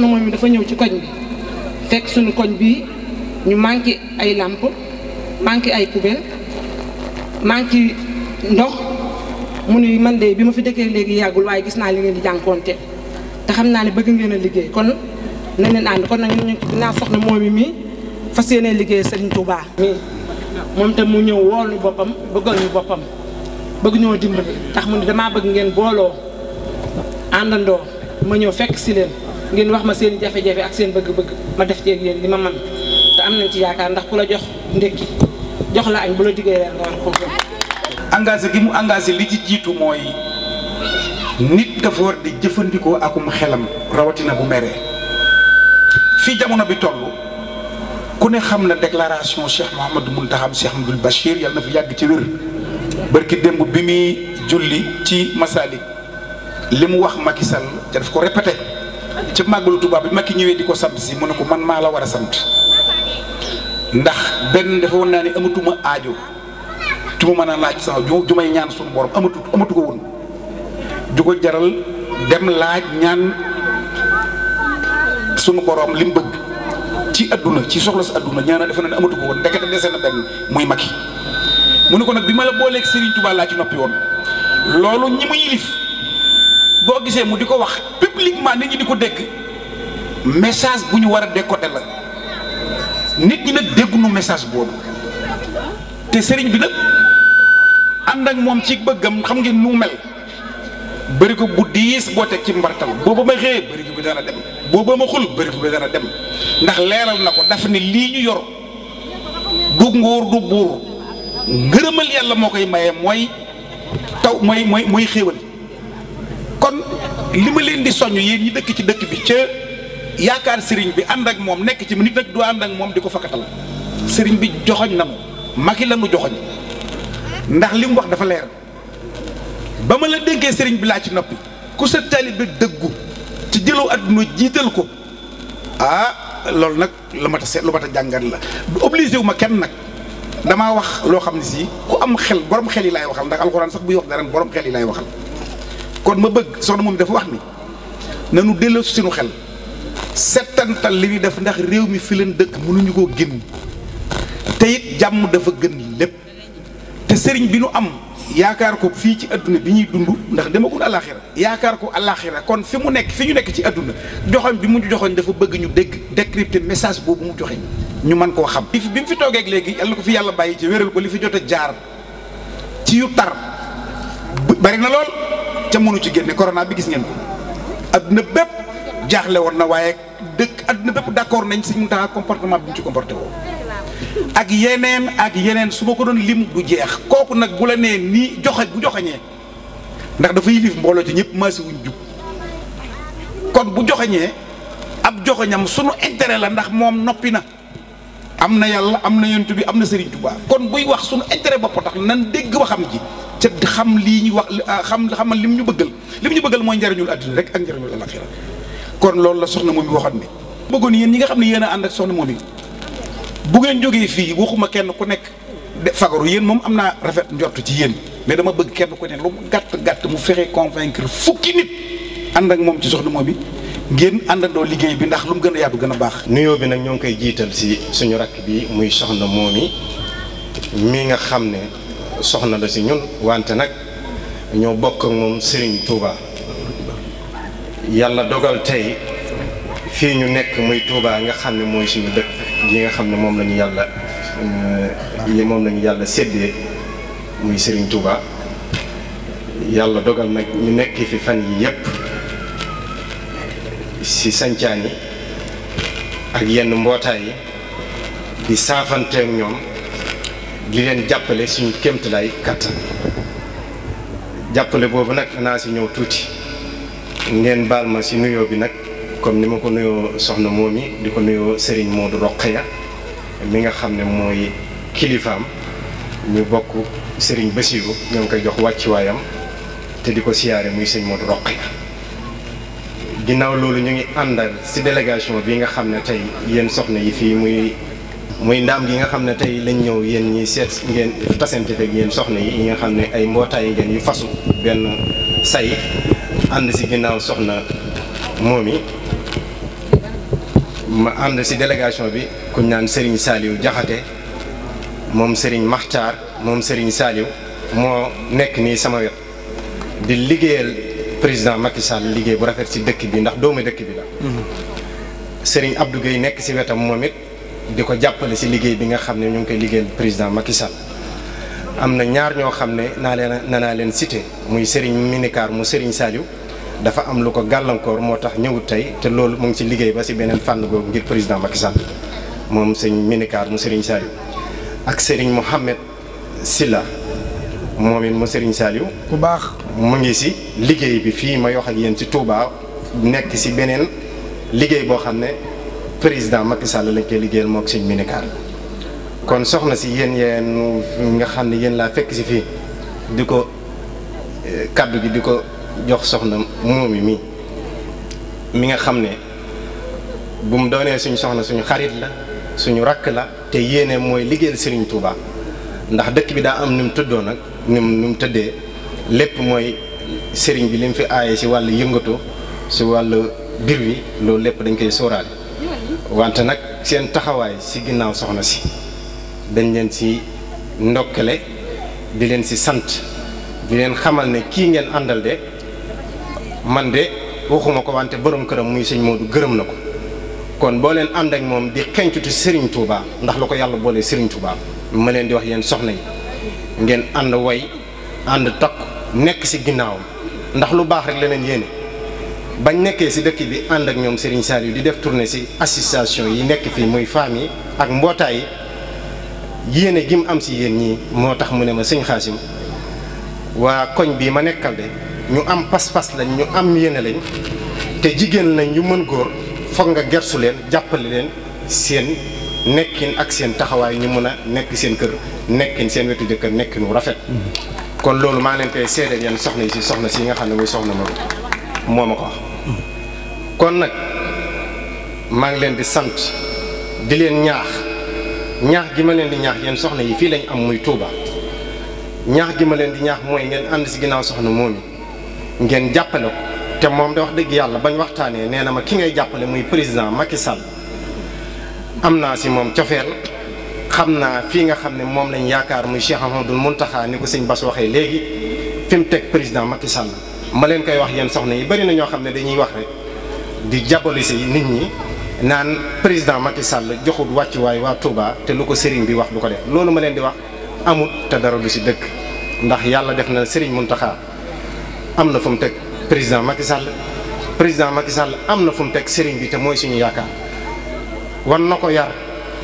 soxna mi dafa ñëw ci koñ bi fekk suñu koñ bi ñu manqué ay làmp manqué ay poubelle manqué ndox mu ne man de bi ma fi dëkkee léegi yàggul waaye gis naa li ngeen di jànkoonte te xam naa ne bëgg ngeen liggéey kon nañ leen ànd kon nag ñu naa soxna moom mi mii fas yéenee liggéey Serigne Touba. mii moom te mu ñëw woolu boppam bëggal ñu boppam bëgg ñoo dimbali tax mu ne damaa bëgg ngeen booloo àndandoo ma ñëw fekk si leen. ngeen wax ma seen jafe-jafe ak seen bëgg-bëgg ma def ci yéen li ma man te am nañ ci yaakaar ndax ku la jox ndékki jox la añ bu la diggee reer nga war ko engagé mu engagé li jiitu mooy nit dafa war di jëfandikoo akum xelam rawatina bu meree fii jamono bi toll ku ne xam na déclaration Cheikh Mouhamadou taxam Cheikh Mouhamadoul Bachir yàlla na fi yàgg ci wér barki démb bi muy julli ci Masalik li mu wax Macky Sall ca daf ko répété ca màggalu Tuubaa bi Macky ñëwee di ko sant si mu ne ko man maa la war a sant ndax benn dafa naa ne amatuma aajo ju ma mën a laaj sax ju ju may ñaan suñu borom amatu amatu ko woon ju jaral dem laaj ñaan suñu borom li mu bëgg ci adduna ci soxla sa adduna ñaanal defe na ne amatu ko woon a ndekete dese na benn muy Macky mu ne ko nag bi ma la booleeg Serigne tubaa laa ci noppi woon loolu ñi ma yilif boo gisee mu di ko wax publiquement nit ñi di ko dégg message bu ñu war a décoder la nit ñi nag dégguñu message boobu te sëriñ bi nag am ak moom ci bëggam xam ngeen nu mel bari ko bu diis boo teg ci mbartal booba ma xëyee bëri ko bi dem booba ma xul bëri ko bi dem ndax leeral na ko dafa ne lii ñu yor du nguur du buur ngërëmal yàlla moo koy maye mooy taw mooy mooy mooy xéewal kon li ma leen di soññ yéen ñu dëkk ci dëkk bi ca yaakaar sëriñ bi ànd ak moom nekk ci nit nag du ànd ak moom di ko fakkatal sëriñ bi joxoñ na mu magi la nu joxoñ ndax li mu wax dafa leer ba ma la dénkee sëriñ bi laa ci noppi ku sa taalibe dëggu ci jëlaw àdduna jiital ko ah loolu nag lu ma ta seet lu ma ta jàngat la du obligé wu kenn nag damaa wax loo xam ne si ku am xel borom xel yi laay waxal ndax alxuraan sax buy wax dara borom xel yi laay waxal kon ma bëgg soxna moom dafa wax ni nanu delloo si suñu xel settantal li ñuy def ndax réew mi fi leen dëkk mënuñu koo génn te it jàmm dafa gën lépp te sëriñ bi nu am yaakaar ko fii ci adduna bi ñuy dund ndax demagul àllaaxira yaakaar ko àllaaxira kon fi mu nekk fi ñu nekk ci àdduna joxoñ bi mu joxoñ dafa bëgg ñu dégg décrypter message boobu mu joxe ñu mën koo xam. bi mu fi toogeek léegi yàlla ko fi yàlla bàyyi ci wéral ko li fi jot a jaar ci yu tar ca mënu ci génne corona bi gis ngeen ko adduna bépp jaaxle woon na waaye dëkk adduna bépp d'accord nañ si mu taa comportement bi ñu ci comporté woo ak yeneen ak yeneen su ma ko doon lim du jeex kooku nag bu la nee nii joxe bu joxeñee ndax dafa yilif mbooloo ci ñëpp maasi wuñ jub kon bu joxeñee ab joxeñam sunu intérêt la ndax moom noppi na am na yàlla am na yonent bi am na Serigne Touba kon buy wax sunu intérêt bopp tax nan dégg waxam ji ca xam lii ñu wax ah, xam xamal li mu ñu bëggal lim ñu bëggal mooy njariñul àddina rek ak njariñul alaxira kon loolu la soxna moom yi waxoon ni yéen ñi xam ne yéen ànd ak soxna moom bu ngeen jógee fii waxuma kenn ku nekk de fagaru yéen moom am naa rafet njort ci yéen mais dama bëgg kenn ku ne lu mu gàtt gàtt mu fexe convaincre fukki nit ànd ak moom ci soxna moom yi ngeen àndandoo liggéey bi ndax lu mu gën a yaatu gën a baax. nuyoo bi nag ñoo koy jiital si suñu rakk bi muy soxna moom yi mi nga xam ne soxna la si ñun wante nag ñoo bokk moom Serigne Touba yàlla dogal tey fii ñu nekk muy Touba nga xam ne mooy suñu dëkk gi nga xam ne moom lañu ñu yàlla euh, moom la yàlla séddee muy Serigne Touba yàlla dogal nag ñu nekk fi fan yi yépp si sancaan yi ak yenn mbootaay yi di saafanteeg ñoom. di leen jàppale suñu kéemtalaay kattan jàppale boobu nag naa si ñëw tuuti ngeen baal ma si nuyoo bi nag comme ni ma ko nuyoo soxna moom yi di ko nuyoo Serigne Modou Rokhaya mi nga xam ne mooy kilifaam ñu bokk sëriñ Bassirou ñoo ngi koy jox wàccuwaayam te di ko siyaare muy sëñ Modou Rokhaya ginnaaw loolu ñu ngi àndal si délégation bi nga xam ne tey yéen soxna yi fii muy. muy ndaam gi nga xam ne tey lañ ñëw yéen ñi seet ngeen tasante fekk yéen soxna yi yi nga xam ne ay mbootaay ngeen yu fasu benn say ànd si ginnaaw soxna moom yi ma ànd si délégation bi kuñ naan Serigne Saliou jaxate moom Serigne Makhtar moom Serigne Saliou moo nekk nii sama wet di liggéeyal président Macky Sall liggéey bu rafet si dëkk bi ndax doomu dëkk bi la mhm. Serigne Abdou nekk si wetam moom it di ko jàppale si liggéey bi nga xam ne ñu ngi koy liggéey président Macky Sall am na ñaar ñoo xam ne naa leen naa leen cité muy Serigne Minicar mu Serigne Saliou dafa am lu ko gàllankoor moo tax ñëwut tey te loolu mu ngi ci liggéey ba si beneen fànn googu ngir président Macky moom sëñ Minicar mu Serigne Saliou ak Serigne Mohamed Silla moom it mu Serigne Saliou ku baax mu ngi si liggéey bi fii ma wax ak yéen si Touba nekk si beneen liggéey boo xam ne. président Macky Sall lañ koy liggéeyal moog sëñ Minicar kon soxna si yéen yéen nga xam ne yéen laa fekk si fii di ko eh, kàddu gi di ko jox soxna moomi mi mi nga xam ne bu mu doonee suñu soxna suñu xarit la suñu rakk la te yéene mooy liggéeyal Serigne Touba ndax dëkk bi daa am ni mu tëddoo nag ni mu tëddee lépp mooy Serigne bi li mu fi aaye si wàllu yëngatu si wàll bir wi loolu lépp dañ koy sóoraale. wante nag seen taxawaay si ginnaaw soxna si dañ leen si ndokkale di leen si sant di leen xamal ne kii ngeen àndal de man de waxuma ko wante borom këram muy sëñ Modou gërëm na ko kon boo leen ànd ak moom di xencuti Serigne Touba ndax lu ko yàlla boole Serigne Touba ma leen di wax yéen soxna yi ngeen ànd way ànd takk nekk ci ginnaawam ndax lu baax rek leneen yéene bañ nekkee si dëkk bi ànd ak ñoom Serigne yu di def tournée si association yi nekk fii muy famille ak mbootaay yéene gi mu am si yéen ñii moo tax mu ne ma sëñ Xaasim waa koñ bii ma nekkal de ñu am pas-pas lañ ñu am yéene lañ te jigéen lañ yu mën góor foog nga gersu leen jàppale leen seen nekkin ak seen taxawaay ñu mën a nekk seen kër nekkin seen wetu jëkkër nekkin wu rafet. Mm-hmm. kon loolu maa leen koy seedeel yéen soxna yi si soxna si yi nga xam ne muy soxna ma moo ko kon nag maa ngi leen di sant di leen ñaax ñaax gi ma leen di ñaax yéen soxna yi fii lañu am muy tuuba ñaax gi ma leen di ñaax mooy ngeen ànd si ginnaaw soxna moom yi ngeen jàppale ko te moom da wax dëgg yàlla bañ waxtaanee nee na ma ki ngay jàppale muy président Macky Sall am naa si moom cofeel xam naa fii nga xam ne moom lañ yaakaar muy Cheikh Ahmadou Mountakha ni ko sëñ Bass waxee léegi fi mu teg président Macky Sall ma leen koy wax yéen soxna yi bari na ñoo xam ne dañuy wax rek di si nit ñi naan président Macky Sall joxut wàccuwaay waa Touba te lu ko sëriñ bi wax du ko def loolu ma leen di wax amut te dara lu si dëkk ndax yàlla def na sëriñ Mountakha am na fu mu teg président Macky Sall président Macky Sall am na fu mu teg sëriñ bi te mooy suñu yaakaar wan na ko yar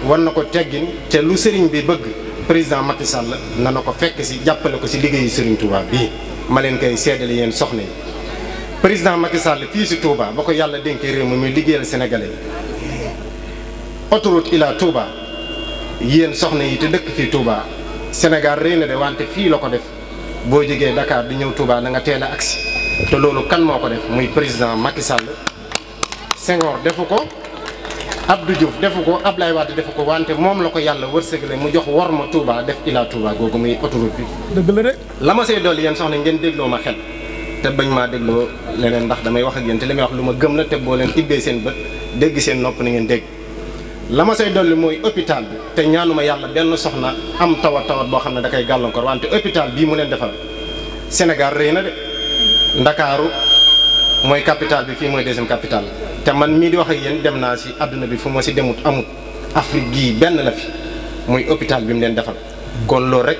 war na ko teggin te lu sëriñ bi bëgg président Macky Sall na na ko fekk si jàppale ko si liggéeyu sëriñ Touba bii. ma leen koy seddale yéen soxna yi président Macky Sall fii si Touba ba ko yàlla dénkee réew mi muy liggéeyal Sénégalais yi autoroute ila Touba yéen soxna yi te dëkk fii Touba Sénégal réy na de wante fii la ko def boo jógee Dakar di ñëw Touba da nga teel a agsi te loolu kan moo ko def muy président Macky Sall defu ko Abdou Diouf defu ko Ablaye Wade defu ko wante moom la ko yàlla wërsëgale mu jox wor ma Touba def Ila Touba googu muy autoroute bi. dëgg la de. la ma see dolli yéen soxna ngeen dégloo ma xel te bañ maa dégloo leneen ndax damay wax ak yéen te li may lu ma gëm la te boo leen ibbee seen bët dégg seen nopp na ngeen dégg. la ma say dolli mooy hôpital bi te ñaanuma yàlla benn soxna am tawat tawat boo xam ne da koy gàllankoor wante hôpital bii mu leen defal Sénégal rëy na de Ndakaaru mooy capitale bi fii mooy deuxième capitale te man mii di wax ak yéen dem naa si àdduna bi fu ma si demut amut Afrique gii benn la fi muy hôpital bi mu leen defal kon loolu rek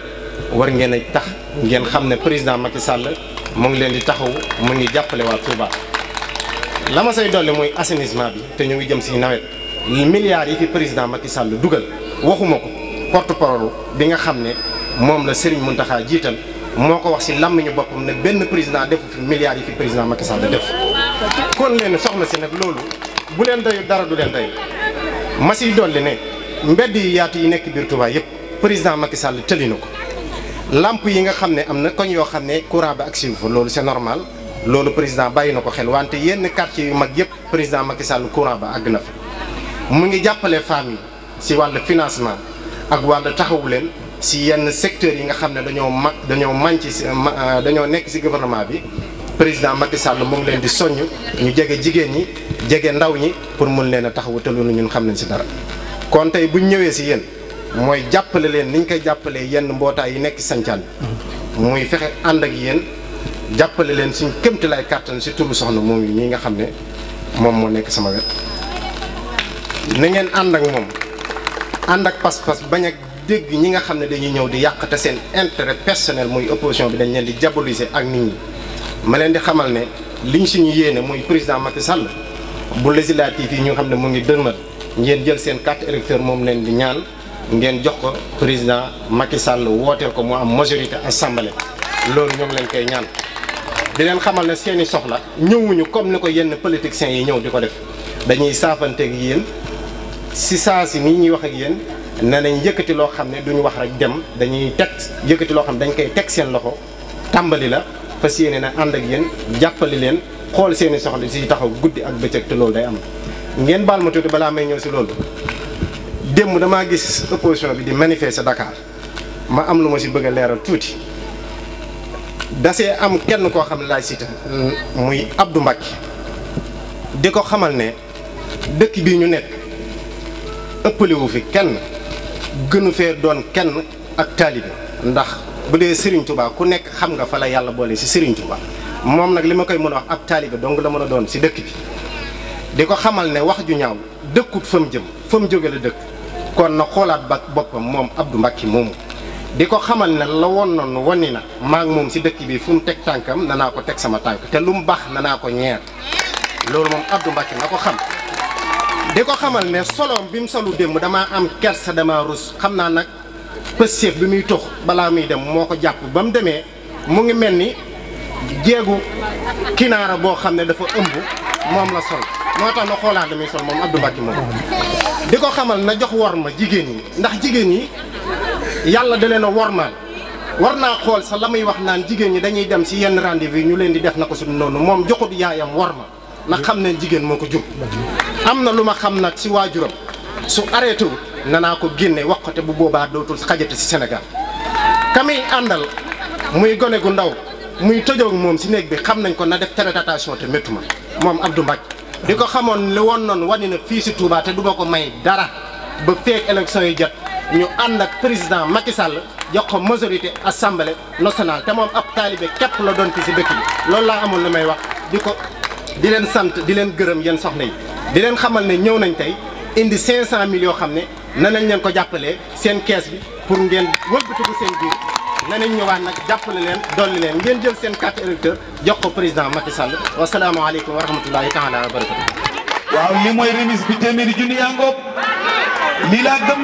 war ngeen a tax ngeen xam ne président Macky Sall mu ngi leen di taxaw mu ngi jàppale waa Touba la ma say dolli mooy assainissement bi te ñu ngi jëm si nawet milliards yi fi président Macky Sall dugal waxuma ko porte-parole bi nga xam ne moom la Serigne Mountakha jiital moo ko wax si làmmiñu boppam ne benn président defu fi milliards yi fi président Macky Sall def kon leen soxna si nag loolu bu leen dayu dara du leen dayu ma siy dolli ne mbedd yi yaatu yi nekk biir Touba yëpp président Macky Sall tëli na ko lamp yi nga xam ne am na koñ yoo xam ne courant bi ak siwu fa loolu c'est normal loolu président bàyyi na ko xel wante yenn quartier yu mag yëpp président Macky Sall courant ba àgg na fa mu ngi jàppale famille si wàll financement ak wàllu taxawu leen si yenn secteurs yi nga xam ne dañoo ma dañoo euh, manci dañoo nekk si gouvernement bi président Macky Sall mu ngi leen di soññ ñu jege jigéen ñi jege ndaw ñi pour mun leen a taxawu te loolu ñun xam nañ si dara kon tey bu ñëwee si yéen mooy jàppale leen niñ koy jàppalee yenn mbootaay yi nekk sancaan muy fexe ànd ak yéen jàppale leen suñ kémtalaay kàttan si turu soxna moom yi ñi nga xam ne moom moo nekk sama wet na ngeen ànd ak moom ànd ak pas-pas bañ a dégg ñi nga xam ne dañuy ñëw di yàq te seen intérêt personnel muy opposition bi dañ leen di diaboliser ak nit ñi ma leen di xamal ne liñ suñu yéene muy président Macky Sall bu législatif yi ñu xam ne mu ngi dëgmal ngeen jël seen carte électeur moom leen di ñaan ngeen jox ko président Macky Sall wooteel ko mu am majorité assemblée loolu ñoo ngi leen koy ñaan. di leen xamal ne seeni soxla ñëwuñu comme ni ko yenn politiciens yi ñëw di ko def dañuy saafanteeg yéen si saa si ni ñuy wax ak yéen ne nañ yëkkati loo xam ne duñu wax rek dem dañuy teg yëkkati loo xam ne dañ koy teg seen loxo tàmbali la. fas yéene na ànd ak yéen jàppali leen xool seeni soxla si taxaw guddi ak bëccëg te loolu day am ngeen baal ma tuuti balaa may ñëw si loolu démb damaa gis opposition bi di manifester Dakar ma am lu ma si bëgg a leeral tuuti dasee am kenn koo xam ne laay cité mm, muy abdu Mbacké di ko xamal ne dëkk bii ñu nekk ëppalewu fi kenn gënu fee doon kenn ak taalibe ndax bu dee Serigne tubaa ku nekk xam nga fa la yàlla boole si Serigne Touba moom nag li ma koy mën a wax ab taalibe dong la mën a doon si dëkk bi di ko xamal ne wax ju ñaaw dëkkut fa mu jëm fa mu jóge la dëkk kon na xoolaat ba boppam moom Abdou Mbacké moomu di ko xamal ne la won noonu wonni na maa ngi moom si dëkk bi fu mu teg tànkam nanaa ko teg sama tànk te lu mu baax nanaa ko ñeer loolu moom Abdou Mbacké na ko xam di ko xamal ne soloom bi mu solu démb damaa am kersa damaa rus xam naa nag pëstéef bi muy tux balaa muy dem moo ko jàpp ba mu demee mu ngi mel ni jéegu kinaara boo xam ne dafa ëmb moom la sol moo tax ma xoolaat li muy sol moom Abdou Mbacké moom di ko xamal na jox wor ma jigéen ñi ndax jigéen ñi yàlla da na a wormaal war naa xool sa la muy wax naan jigéen ñi dañuy dem si yenn rendez-vous ñu leen di def na ko suñu noonu moom joxut yaayam wor ma na xam ne jigéen moo ko jur am na lu ma xam nag si waajuram su arrêté nanaa ko génne wax ko te bu boobaa dootul xajate ci senegal kamiy àndal muy gone gu ndaw muy tojoog moom ci néeg bi xam nañ ko na def télétratation te méttu ma moom du Mbacke di ko xamoon li woon noonu wane na fii ci Touba te duma ko may dara ba feek élection yi jot ñu ànd ak président Macky Sall jox ko majorité assemblée nationale te moom ab taalibe képp la doon fi ci dëkk bi loolu laa amul la may wax di ko di leen sant di leen gërëm yéen soxna yi di leen xamal ne ñëw nañ tey indi 500 millions yoo xam ne nanañ leen ko jàppalee seen kees bi pour ngeen wëlbatiku seen biir nanañ ñëwaat nag jàppale leen dolli leen ngeen jël seen carte électeur jox ko président Macky Sall wasalaamaaleykum wa rahmatullahi taala wa barakatu waaw li mooy remise bi téeméeri junni yaa ngoog lii laa gëm